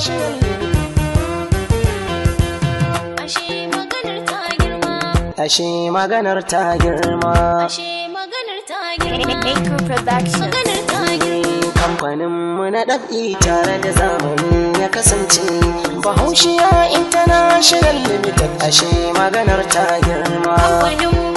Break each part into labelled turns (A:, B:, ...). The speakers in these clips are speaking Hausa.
A: Ashe maganar ta girma. Ashe maganar ta girma. Maganar ta girma. Kamfaninmu na ɗab'i tare da zamani ya kasance. Bahaushiya International Limited ashe maganar ta girma. Kamfaninmu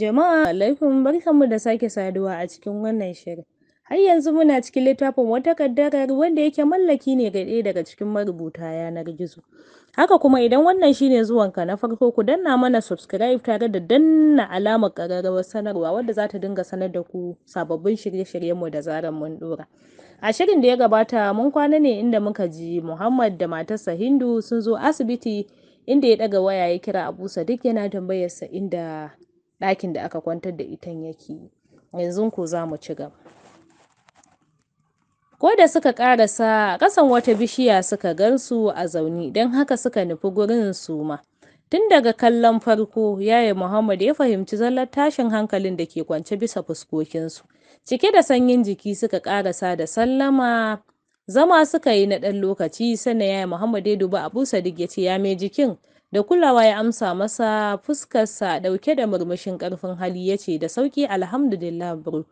A: Jama'a alaikum barkanmu da sake saduwa a cikin wannan shirin. Har yanzu muna cikin littafin wata kaddarar wanda yake mallaki ne ga ɗaya daga cikin marubuta yanar gizo. Haka kuma idan wannan shine zuwanka na farko ku danna mana subscribe tare da danna alamar ƙararrawar sanarwa wadda za ta dinga sanar da ku sababbin shirye-shiryenmu da zarar mun ɗora. A shirin da ya gabata mun kwana ne inda muka ji Muhammad da matarsa Hindu sun zo asibiti inda ya ɗaga waya ya kira Abu Sadiq yana tambayarsa inda ɗakin da aka kwantar da itan yake yanzu ko za mu ci gaba ko da suka ƙarasa a ƙasan wata bishiya suka gansu a zaune don haka suka nufi gurin su ma tun daga kallon farko yaya muhammad ya fahimci zallar tashin hankalin da ke kwance bisa fuskokinsu cike da sanyin jiki suka ƙarasa da sallama zama suka yi na ɗan lokaci sannan yaye muhammad ya dubi abu sadiq ya ce ya mai jikin Da kulawa ya amsa masa, fuskarsa dauke da murmushin karfin hali ya ce, Da sauki alhamdulillah bro.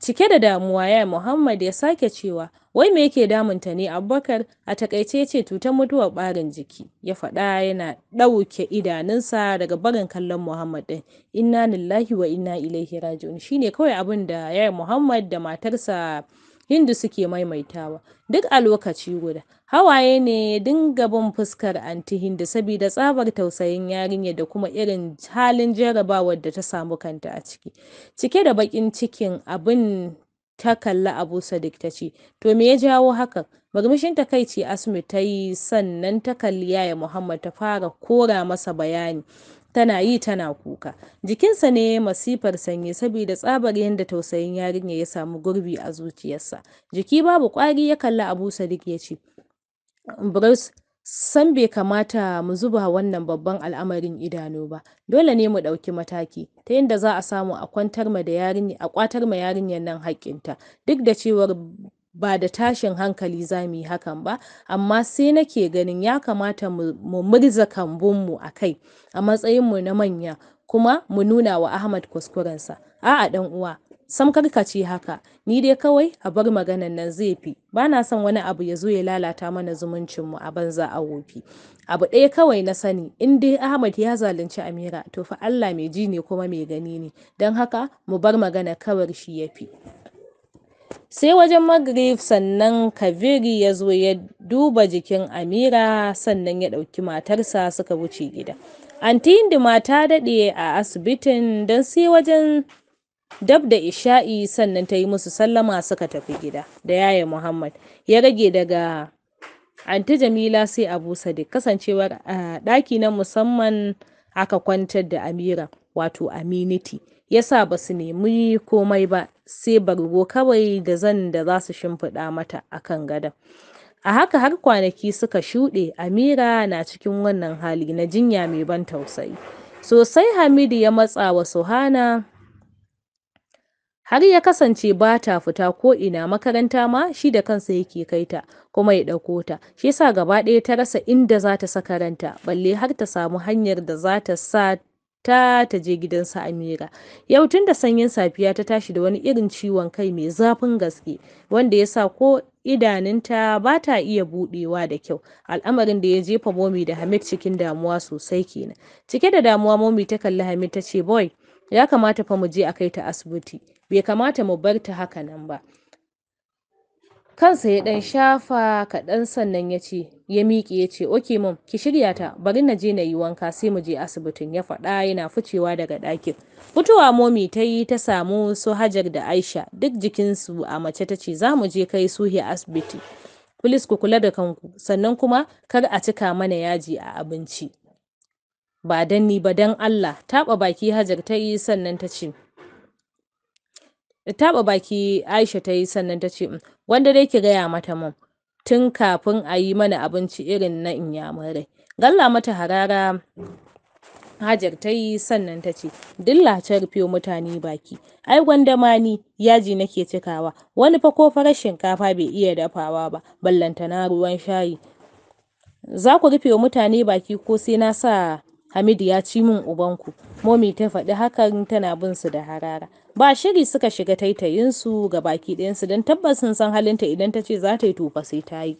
A: Cike da damuwa ya Muhammad ya sake cewa, Wai me yake damunta ne Abubakar a takaice ce cutar mutuwar barin jiki, ya faɗa yana ɗauke idanunsa daga barin kallon Muhammad ɗin. Inna lillahi wa inna ilaihi raji'un shine kawai abin da ya Muhammad da matarsa Hindu suke maimaitawa, duk a lokaci guda, hawaye ne ya dinga bin fuskar anti Hindu saboda tsabar tausayin yarinya da kuma irin halin jarabawar da ta samu kanta a ciki, cike da bakin cikin abin ta kalli Abu Sadiq ta ce, "To me ya jawo haka Murmushin takaici asmi ta yi sannan ta kalli Yaya Muhammad ta fara kora masa bayani. tana yi tana kuka jikinsa ne ya masifar sanyi saboda tsabar yadda tausayin yarinya ya samu gurbi a zuciyarsa jiki babu kwari ya kalli abu sadiq ya ce bruce san bai kamata mu zuba wannan babban al'amarin idanu ba dole ne mu ɗauki mataki ta yadda za a samu a kwantar ma yarinya a kwatar ma yarinyar nan haƙƙinta duk da cewar ba da tashin hankali za mu yi hakan ba amma sai nake ganin ya kamata mu murza kambunmu a kai a matsayinmu na manya kuma mu nuna wa Ahmad kuskurensa a'a dan uwa sam karkace haka ni dai kawai a bar maganan nan zai fi ba na son wani abu ya zo ya lalata mana zumuncinmu a banza a wofi abu ɗaya kawai na sani in dai ahmad ya zalunci amira to fa allah mai ji ne kuma mai gani ne don haka mu bar magana kawar shi ya fi Sai wajen Magrib sannan Kaveri ya zo ya duba jikin Amira sannan ya ɗauki matarsa suka wuce gida. Anty ta daɗe a asibitin don sai wajen dab da isha'i sannan ta yi musu sallama suka tafi gida da Yaya Muhammad, ya rage daga Anty Jamila sai Abu Sadiq, kasancewar a ah, ɗaki na musamman aka kwantar da Amira, wato Aminity. yasa ba su nemi komai ba sai bargo kawai da zan da za su shimfiɗa mata a kan gadon a haka har kwanaki suka shuɗe amira na cikin wannan hali na jinya mai ban tausayi sosai hamidu ya matsa wa suhana har ya kasance ba ta fita ko ina makaranta ma shi da kansa yake kai ta kuma ya ɗauko ta shi sa gaba ɗaya ta rasa inda za ta saka ranta balle har ta samu hanyar da za ta sa ta ta je gidan su Amira. Yau tun da sanyin safiya ta tashi da wani irin ciwon kai mai zafin gaske wanda ya sa ko idanunta ba ta iya budewa da kyau al'amarin da ya jefa momi da hamid cikin damuwa sosai kenan cike da damuwa momi ta kalli hamid ta ce boy ya kamata fa mu je a kai ta asibiti bai kamata mu bar ta haka nan ba Kansa ya ɗan shafa kaɗan sannan ya ce, ya miƙe ya ce, "Ok mom ki shirya ta, bari na je na yi wanka sai mu je asibitin," ya faɗa yana ficewa daga ɗakin. Fitowa Momi ta yi ta samu su Hajar da Aisha, duk jikinsu a mace ta ce, "Za mu je kai Suhi asibiti, filis ku kula da kanku, sannan kuma kar a cika mana yaji a abinci." Ba dan ba dan Allah, taɓa baki Hajar ta yi sannan ta ce, taɓa baki Aisha ta yi sannan ta ce, mm, Wanda dai ki gaya mata mun, tun kafin a yi mana abinci irin na inyamurai. Galla mata harara Hajar ta yi sannan ta ce, Dilla ta rufe mutane baki, ai gwandama ni yaji nake cikawa, wani fa ko farar shinkafa bai iya dafawa ba, ballantana ruwan shayi. Za ku rufe mutane baki ko sai na sa Hamidu ya ci min ubanku. Momi ta faɗi hakan tana bin su da harara. Ba shiri suka shiga taitayinsu ga baki ɗayansu don tabbas sun san halinta idan ta ce za ta yi tufa sai ta yi.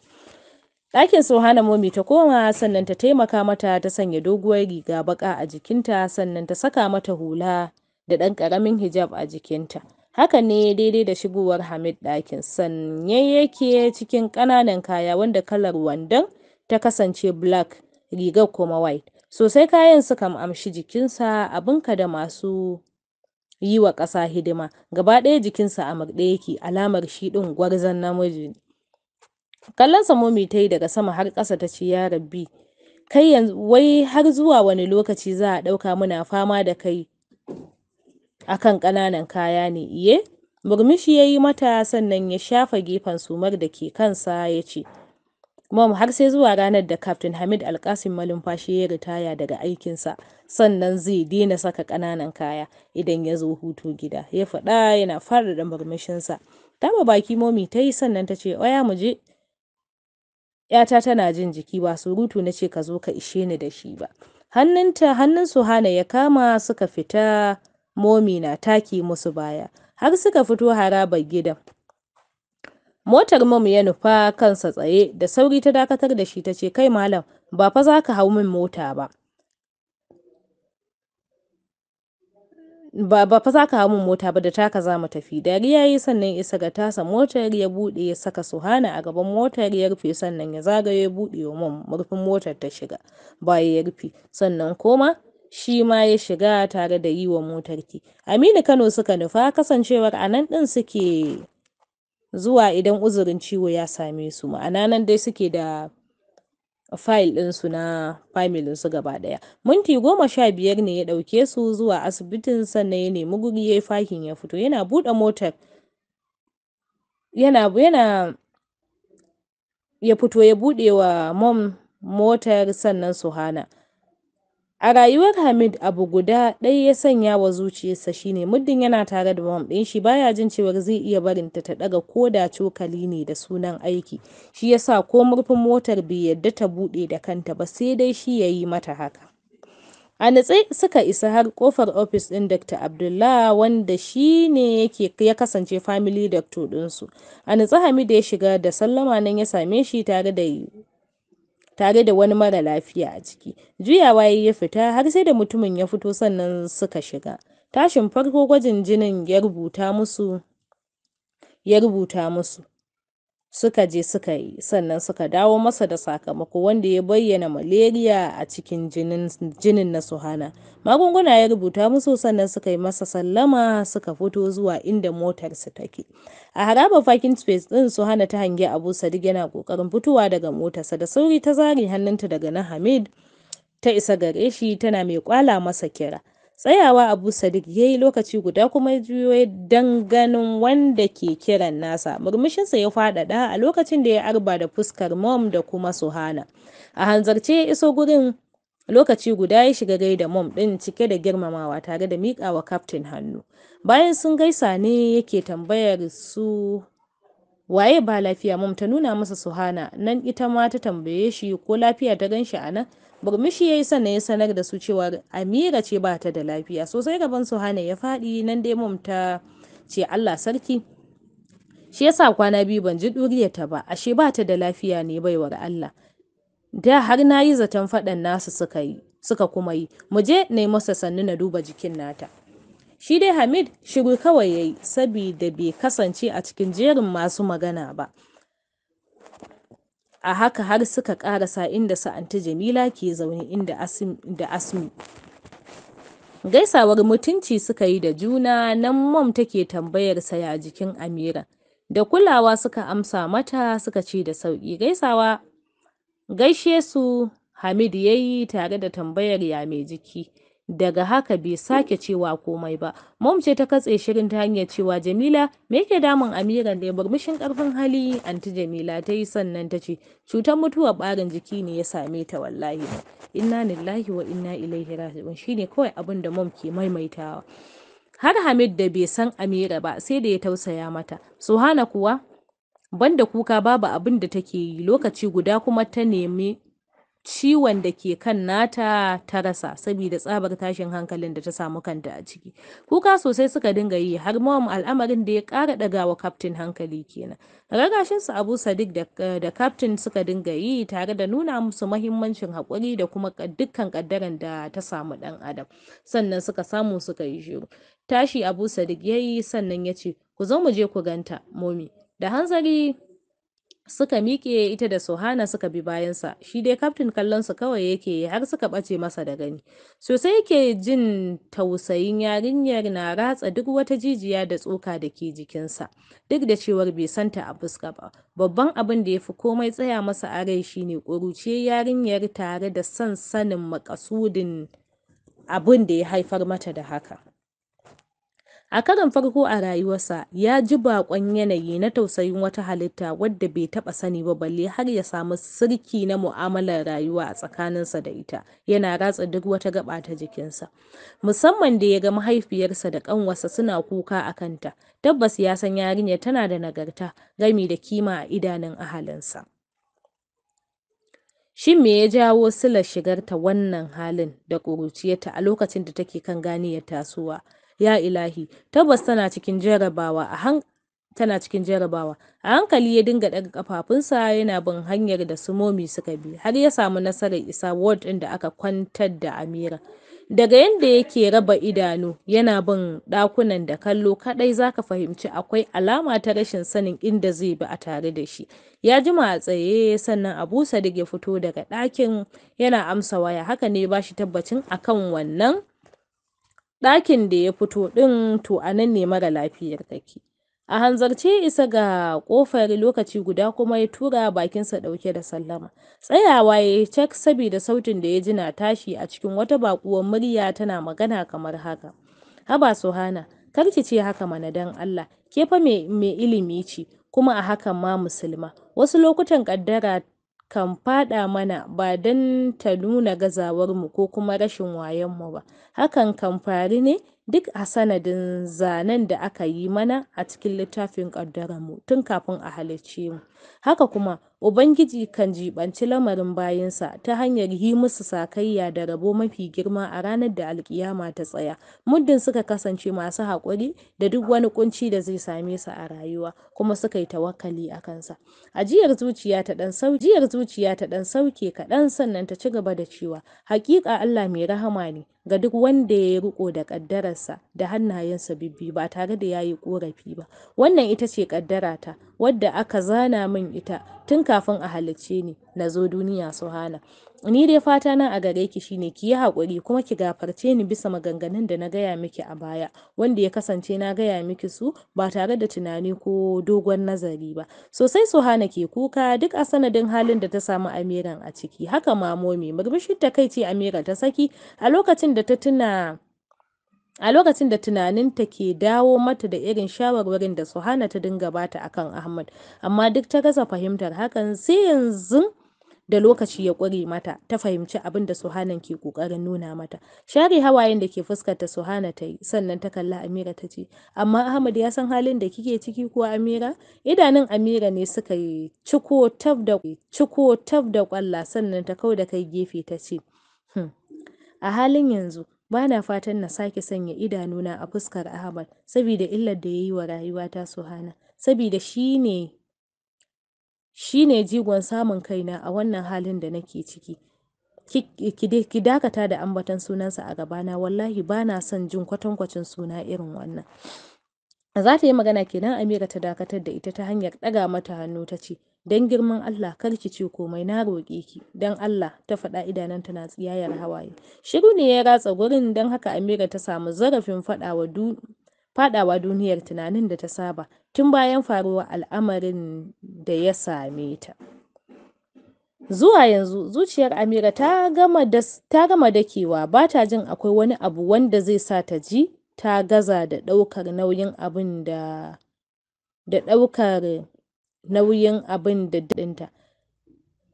A: ɗakin Sohana Momi ta koma sannan ta taimaka mata ta sanya doguwar riga baƙa a jikinta sannan ta saka mata hula da ɗan ƙaramin hijab a jikinta. Haka ne daidai da shigowar Hamid ɗakin sanye yake cikin ƙananan kaya wanda kalar wandon ta kasance black rigar kuma white. sosai kayan suka amshi jikinsa abinka da masu yi wa ƙasa hidima gaba ɗaya jikinsa a maɗe yake alamar shi ɗin gwarzon namiji ne kallonsa momi ta yi daga sama har ƙasa ta ce ya rabbi kai yanzu wai har zuwa wani lokaci za a ɗauka muna fama da kai akan ƙananan kaya ne iye murmushi ya yi mata sannan ya shafa gefen sumar da ke kansa ya ce mom har sai zuwa ranar da Kaftin Hamid Alraqassim malumfashi ya ritaya daga aikinsa sannan zai daina saka ƙananan kaya idan ya zo hutu gida, ya faɗa yana faɗaɗa murmushinsa. Taɓa baki momi ta yi sannan ta ce, "oya mu je, 'yata tana jin jiki ba surutu na ce ka zo ka ishe ni da shi ba." Hannun su hana ya kama suka fita momi na taki musu baya, har suka fito harabar gidan. Motar Mom ya nufa kansa tsaye da sauri ta dakatar da shi ta ce, Kai malam, ba fa za ka hau min mota ba. Ba fa za hau min mota ba da taka za mu tafi. Dariya yi sannan isa ga tasa motar ya bude ya saka Suhana a gaban motar ya rufe sannan ya zagaye ya buɗe wa Mom murfin motar ta shiga. Baya ya rufe sannan koma shi ma ya shiga tare da yi wa motar Aminu Kano suka nufa kasancewar a nan ɗin suke. zuwa idan uzurin ciwo ya same su ma'ana nan dai suke da fayil ɗinsu na familin su gaba ɗaya minti goma sha biyar ne ya ɗauke su zuwa asibitin sannan ya nemi guri ya yi fakin ya fito yana buɗe motar yana yana ya fito ya buɗe wa mom motar sannan su hana A rayuwar Hamid abu guda ɗaya ya sanya wa zuciyarsa shine muddin yana tare da mom ɗin shi baya jin cewar zai iya barin ta ɗaga ko da cokali ne da sunan aiki, shi ya sa ko murfin motar bai yarda ta buɗe da kanta ba sai dai shi ya yi mata haka. A natse suka isa har kofar ofis ɗin Dr. Abdullah wanda shi ne ya kasance family doctor ɗinsu. A natse Hamid ya shiga da sallama nan ya same shi tare da tare da wani mara lafiya a ciki. Juyawa ya fita har sai da mutumin ya fito sannan suka shiga. Tashin farko gwajin jinin ya rubuta musu ya rubuta musu. suka je suka yi sannan suka dawo masa da sakamako wanda ya bayyana malaria a cikin jinin na suhana magunguna ya rubuta musu sannan suka yi masa sallama suka fito zuwa inda motarsu take a haraba parking space din suhana ta hangi abu sadiq yana kokarin fitowa daga motarsa da sauri ta zare hannunta daga na hamid ta isa gare shi tana mai kwala masa kira Tsayawa Abu Sadiq ya yi lokaci guda kuma ya juyo don ganin wanda ke kiran nasa, murmushinsa ya faɗaɗa a lokacin da ya arba da fuskar Mom da kuma suhana A hanzarce ya iso gurin lokaci guda ya shiga gaida Mom ɗin cike da girmamawa tare da miƙawa kaftin hannu. Bayan sun gaisa ne yake tambayar su waye ba lafiya Mom ta nuna masa suhana nan ita ma ta tambaye shi ko lafiya ta gan shi a nan. burmishi ya yi sannan ya sanar da su cewa amira ce ba ta da lafiya sosai gaban su hana ya faɗi nan dai mom ta ce allah sarki shi yasa kwana biyu ban ji ta ba ashe ba ta da lafiya ne baiwar allah da har na yi zaton faɗan nasu suka yi suka kuma yi mu je na yi masa sannu na duba jikin nata shi dai hamid shiru kawai ya yi saboda bai kasance a cikin jerin masu magana ba A haka har suka ƙarasa inda su Anty Jamila ke zaune inda da Asmi. Gaisawar mutunci suka yi da juna, nan Mom take tambayar ya jikin Amira. Da kulawa suka amsa mata suka ce da sauƙi. Gaisawa gaishe su Hamid ya yi tare da tambayar ya mai jiki. daga haka bai sake cewa komai ba mom ce ta katse shirin ta hanyar cewa jamila me yake damun amira ne murmushin karfin hali anti jamila ta yi sannan ta ce cutar mutuwa barin jiki ne ya same ta wallahi inna lillahi wa inna ilaihi raji'un shine kawai abin da mom ke maimaitawa har hamid da bai san amira ba sai da ya tausaya mata suhana kuwa banda kuka babu abin da take yi lokaci guda kuma ta nemi ciwon da ke kan nata ta rasa saboda tsabar tashin hankalin da ta samu kanta a ciki kuka sosai suka dinga yi har mu al'amarin da ya kara ɗagawa kaftin hankali kenan ragashin su abu sadiq da kaftin suka dinga yi tare da nuna musu mahimmancin haƙuri da kuma dukkan kaddaran da ta samu ɗan adam sannan suka samu suka yi shiru tashi abu sadiq ya yi sannan ya ce ku zo mu je ku ganta momi da hanzari suka miƙe ita da Sohana suka bi bayansa shi dai kaftin su kawai yake har suka bace masa da gani sosai yake jin tausayin yarinyar na ratsa duk wata jijiya da tsoka da ke jikinsa duk da cewar bai santa a fuska ba babban abin da ya fi komai tsaya masa a rai shine ƙuruce yarinyar tare da son sanin makasudin abin da ya haifar mata da haka A karon farko a rayuwarsa, ya ji bakon yanayi na tausayin wata halitta wadda bai taɓa sani ba balle har ya samu sirki na mu'amalar rayuwa a tsakaninsa da ita, yana ratsa duk wata gaba ta jikinsa. Musamman da ya ga mahaifiyarsa da ƙanwarsa suna kuka a kanta, tabbas ya san yarinyar tana da nagarta, gami da kima a idanun ahalinsa. Shin me ya jawo silar shigarta wannan halin da ƙuruciyarta a lokacin da take kan ganiyar tasowa? ya ilahi tabbas tana cikin jarabawa a han tana cikin jarabawa a hankali ya dinga daga kafafunsa yana bin hanyar da su suka bi har ya samu nasarar isa ward din da aka kwantar da amira daga yadda yake raba idanu yana bin ɗakunan da kallo kaɗai zaka fahimci akwai alama ta rashin sanin inda zai bi a tare da shi ya jima a tsaye sannan abu sadiq ya fito daga ɗakin yana amsa waya haka ne ba shi tabbacin akan wannan ɗakin da ya fito ɗin to a nan ne mara lafiyar take. A hanzarce ya isa ga ƙofar lokaci guda kuma ya tura bakinsa ɗauke da sallama. Tsayawa ya yi cak sabida sautin da ya ji na tashi a cikin wata baƙuwar murya tana magana kamar haka. Haba Suhana, kar ki ce haka mana dan Allah, ke fa mai ilimi ce, kuma a hakan ma musulma. Wasu lokutan ƙaddara kan faɗa mana ba don ta nuna gazawarmu ko kuma rashin wayonmu ba, hakan kan faru ne duk a sanadin zanen da aka yi mana a cikin littafin ƙaddararmu tun kafin a halicce mu. Haka kuma, Ubangiji kan jibanci lamarin bayinsa ta hanyar yi musu sakayya da rabo mafi girma a ranar da alkiyama ta tsaya, muddin suka kasance masu haƙuri da duk wani ƙunci da zai same su a rayuwa, kuma suka yi tawakali a kansa. Ajiyar zuciya ta ɗan sauke kaɗan sannan ta ci gaba da cewa, "Haƙiƙa Allah mai rahama ne ga duk wanda ya yi riƙo da ƙaddararsa da hannayensa bibbi ba tare da ya yi ƙorafi ba. Wannan ita ce ƙaddara ta. wadda aka zana min ita tun kafin a halicce ni na zo duniya Hana. Ni dai fata na a gare ki shine ki yi haƙuri kuma ki gafarce ni bisa maganganun da na gaya miki a baya wanda ya kasance na gaya miki su ba tare da tunani ko dogon nazari ba. Sosai Hana ke kuka duk a sanadin halin da ta samu Amiran a ciki haka ma momi murmushin takaici Amira ta saki a lokacin da ta tuna a lokacin da tunaninta ke dawo mata da irin shawarwarin da Suhana ta dinga bata akan Ahmad, amma duk ta gaza fahimtar hakan sai yanzu da lokaci ya ƙure mata ta fahimci abin da Suhanan ke ƙoƙarin nuna mata. Share hawayen da ke fuskarta Suhana ta yi sannan ta kalli Amira ta ce, "Amma Ahmad ya san halin da kike ciki ko Amira?" Idanun Amira ne suka yi ciko tab da ciko tab da ƙwalla sannan ta kau da kai gefe ta ce, hmm, "A halin yanzu Ba na fatan na sake sanya idanuna a fuskar ahmad sabida illar da ya yi wa rayuwata Sohana, sabida shi ne jigon samun kaina a wannan halin da nake ciki. Ki dakata da ambaton sunansa a gabana, wallahi ba na son jin kwatankwacin suna irin wannan. Za ta yi magana kenan Amira ta dakatar da ita ta hanyar ɗaga mata hannu ta ce. “Don girman Allah kar ki ce komai, na roƙe ki, don Allah,” ta faɗa idanunta na tsiyayar hawaye. Shiru ne ya ratsa wurin, don haka Amira ta samu zarafin faɗawa duniyar tunanin da ta saba tun bayan faruwa al'amarin da ya same ta. Zuwa yanzu, zuciyar Amira ta gama da kewa ba ta jin akwai wani abu wanda zai sa ta ji ta gaza da ɗaukar nauyin abin da ɗaukar nauyin abin da ɗinta,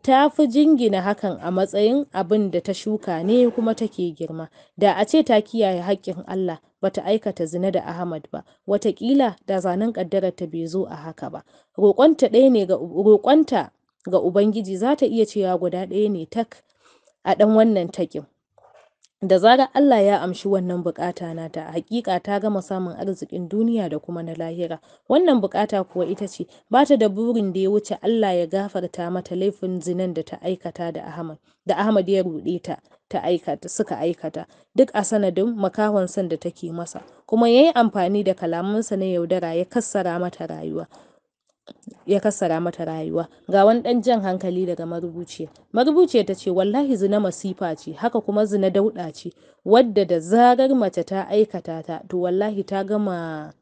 A: ta fi jingina hakan a matsayin abin da ta shuka ne kuma take girma. Da a ce ta kiyaye haƙƙin Allah ba ta aikata zina da Ahmad ba, wataƙila da zanen ƙaddararta bai zo a haka ba. Roƙonta ga Ubangiji za ta iya cewa guda ɗaya ne tak a ɗan wannan taƙin. Da zarar Allah ya amshi wannan na nata, hakika ta gama samun arzikin duniya da kuma na lahira. Wannan bukata kuwa ita ce, ba ta da burin da ya wuce Allah ya gafarta mata laifin zinan da ta aikata da Ahmad, da Ahmad ya rude ta. ta aikata suka aikata duk a sanadin makahon san da take masa kuma yayi amfani da kalamansa na yaudara ya kassara mata rayuwa ya kassara mata rayuwa ga wani dan jan hankali daga marubuciya marubuciya ta ce wallahi zina masifa ce haka kuma zina dauɗa ce wadda da zarar mace ta aikata ta to wallahi ta gama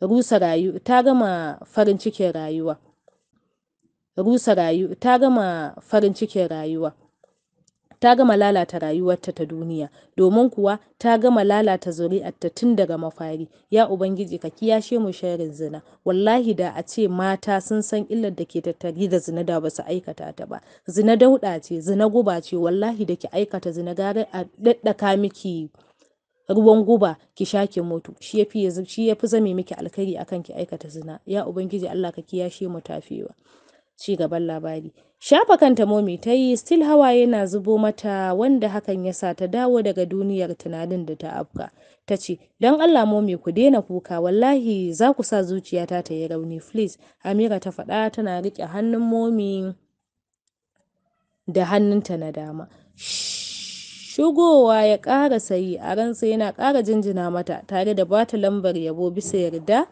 A: rusa rayu ta gama farin cikin rayuwa rusa rayu ta gama farin cikin rayuwa ta gama lalata rayuwarta ta duniya, domin kuwa ta gama lalata zuri'arta tun daga mafari. Ya Ubangiji ka kiyashe mu sharin zina, wallahi da a ce mata sun san illar da ke tattari da zina da ba su aikata ta ba. Zina dauɗa ce, zina guba ce, wallahi da ki aikata zina gara a daddaka miki ruwan guba ki sha ki mutu shi ya fi zame miki alkhairi akan ki aikata zina ya ubangiji Allah ka kiyashe mu tafewa ci gaban labari. Shafa kanta Momi ta yi, still hawa yana zubo mata wanda hakan ya sa ta dawo daga duniyar tunanin da ta afka. Ta ce, Don Allah Momi ku daina kuka, wallahi za ku sa zuciyata ta yi rauni, please. Amira ta faɗa tana riƙe hannun Momi da hannunta na dama. Shugowa ya ƙara sayi a ransa yana ƙara jinjina mata tare da bata lambar yabo bisa yarda.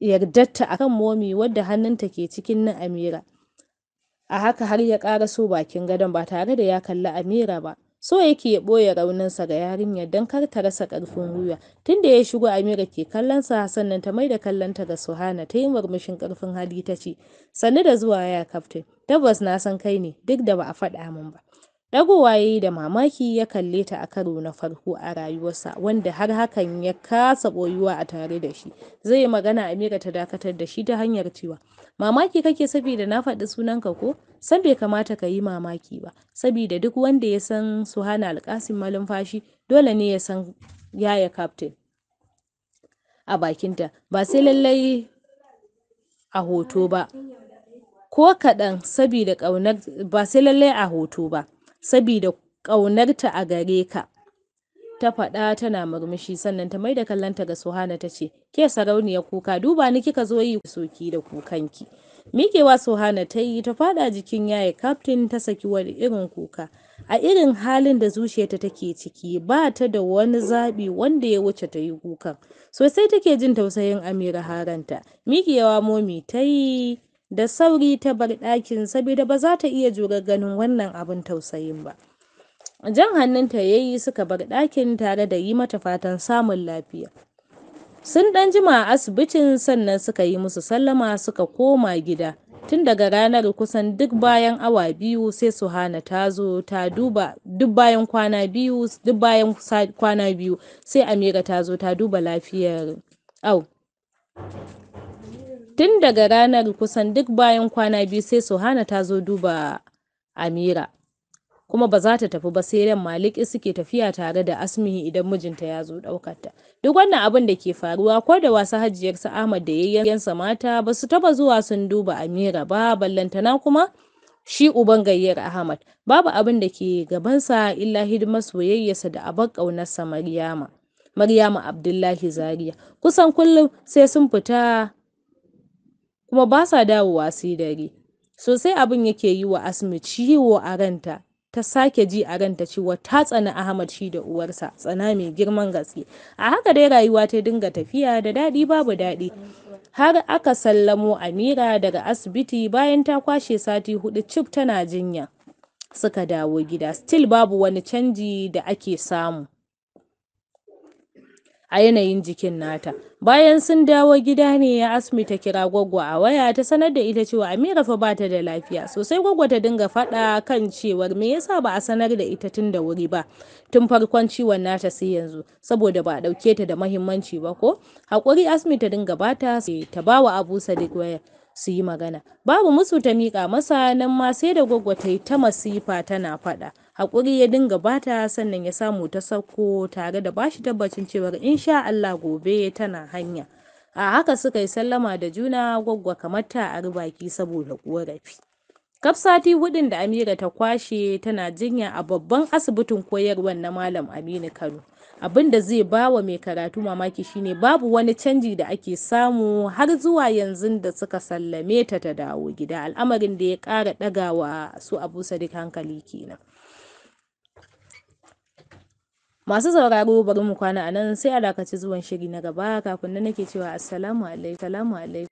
A: yardarta kan momi wadda hannunta ke cikin na amira a haka har ya so bakin gadon ba tare da ya kalli amira ba so yake ya ɓoye rauninsa ga yarinyar don kar ta rasa ƙarfin gwiwa tunda ya shigo amira ke kallon sa sannan ta mai da ta ga suhana ta yi murmushin ƙarfin hali ta ce sannu da zuwa ya kaftin tabbas na san kai ne duk da ba a faɗa min ba Ragowa ya yi da mamaki ya kalle ta a karo na farko a rayuwarsa, wanda har hakan ya kasa ɓoyuwa a tare da shi, zai yi magana Amira ta dakatar da shi ta hanyar cewa: "Mamaki kake sabida na faɗi sunanka ko? Sam bai kamata ka yi mamaki ba, saboda duk wanda ya san Yohana malam Malumfashi dole ne ya san Yaya Captain a bakinta, ba sai lallai a hoto ba ko kaɗan, saboda ƙaunar ba sai lallai a hoto ba. sabida ƙaunarta a gare ka. ta faɗa tana murmushi sannan ta maida kallonta ga Suhana ta ce ke sarauniyar kuka duba ni kika zo yi soki da kukanki mikewa Suhana ta yi ta faɗa jikin yaye kaftin ta saki wani irin kuka a irin halin da zuciyarta take ciki ba ta da wani zaɓi wanda ya wuce ta yi kukan sosai take jin tausayin Amira haranta mikewa momi ta yi Da sauri ta bar ɗakin saboda ba za ta iya jure ganin wannan abin tausayin ba. Jan hannunta ya yi suka bar ɗakin tare da yi mata fatan samun lafiya. Sun ɗan jima a asibitin sannan suka yi musu sallama suka koma gida. Tun daga ranar kusan duk bayan awa biyu sai Suhana ta zo ta duba duk bayan kwana biyu duk bayan kwana biyu sai Amira ta zo ta duba lafiyar au tun daga ranar kusan duk bayan kwana biyu sai Sohana ta zo duba Amira kuma ba za ta tafi ba sai ran Maliki suke tafiya tare da Asmihi idan mijinta ya zo ɗaukar ta. Duk wannan abin da ke faruwa ko da wasu hajiyarsa Ahmad da yayyansa mata ba su taba zuwa sun duba Amira ba ballantana kuma shi uban gayyar Ahmad babu abin da ke gabansa illa hidimar soyayyarsa da abar ƙaunarsa Maryama. Maryama Abdullahi Zaria kusan kullum sai sun fita kuma ba sa dawowa sai dare. Sosai abin yake yi wa asma ciwo a ranta, ta sake ji a ranta cewa ta tsana Ahmad shi da uwarsa, tsana mai girman gaske. A haka dai rayuwa ta dinga tafiya da daɗi babu daɗi. Har aka sallamo Amira daga asibiti bayan ta kwashe sati hudu cif tana jinya. Suka dawo gida, still babu wani canji da ake samu. a yanayin jikin nata. Bayan sun dawo gida ne ya Asmi ta kira Gwaggo a waya ta sanar da ita cewa Amira fa ba ta da lafiya sosai Gwaggo ta dinga faɗa kan cewar me yasa ba a sanar da ita tun da wuri ba tun farkon ciwon nata sai yanzu saboda ba a ɗauke ta da mahimmanci ba ko haƙuri Asmi ta dinga bata ta bawa Abu Sadiq waya su yi magana babu musu ta miƙa masa nan ma sai da gwaggwa ta yi ta masifa tana faɗa haƙuri ya dinga bata sannan ya samu ta sauko tare da bashi tabbacin cewar insha Allah gobe tana hanya a haka suka yi sallama da juna gwaggwa kamar ta a rubaki saboda ƙorafi kaf sati hudun da amira ta kwashe tana jinya a babban asibitin koyarwar na malam aminu kano abin da zai ba wa mai karatu mamaki shine babu wani canji da ake samu har zuwa yanzu da suka sallame ta ta dawo gida al'amarin da ya ƙara ɗaga su abu sadiq hankali kenan masu sauraro bari mu kwana a nan sai a dakaci zuwan shiri na gaba kafin nan nake cewa assalamu alaikum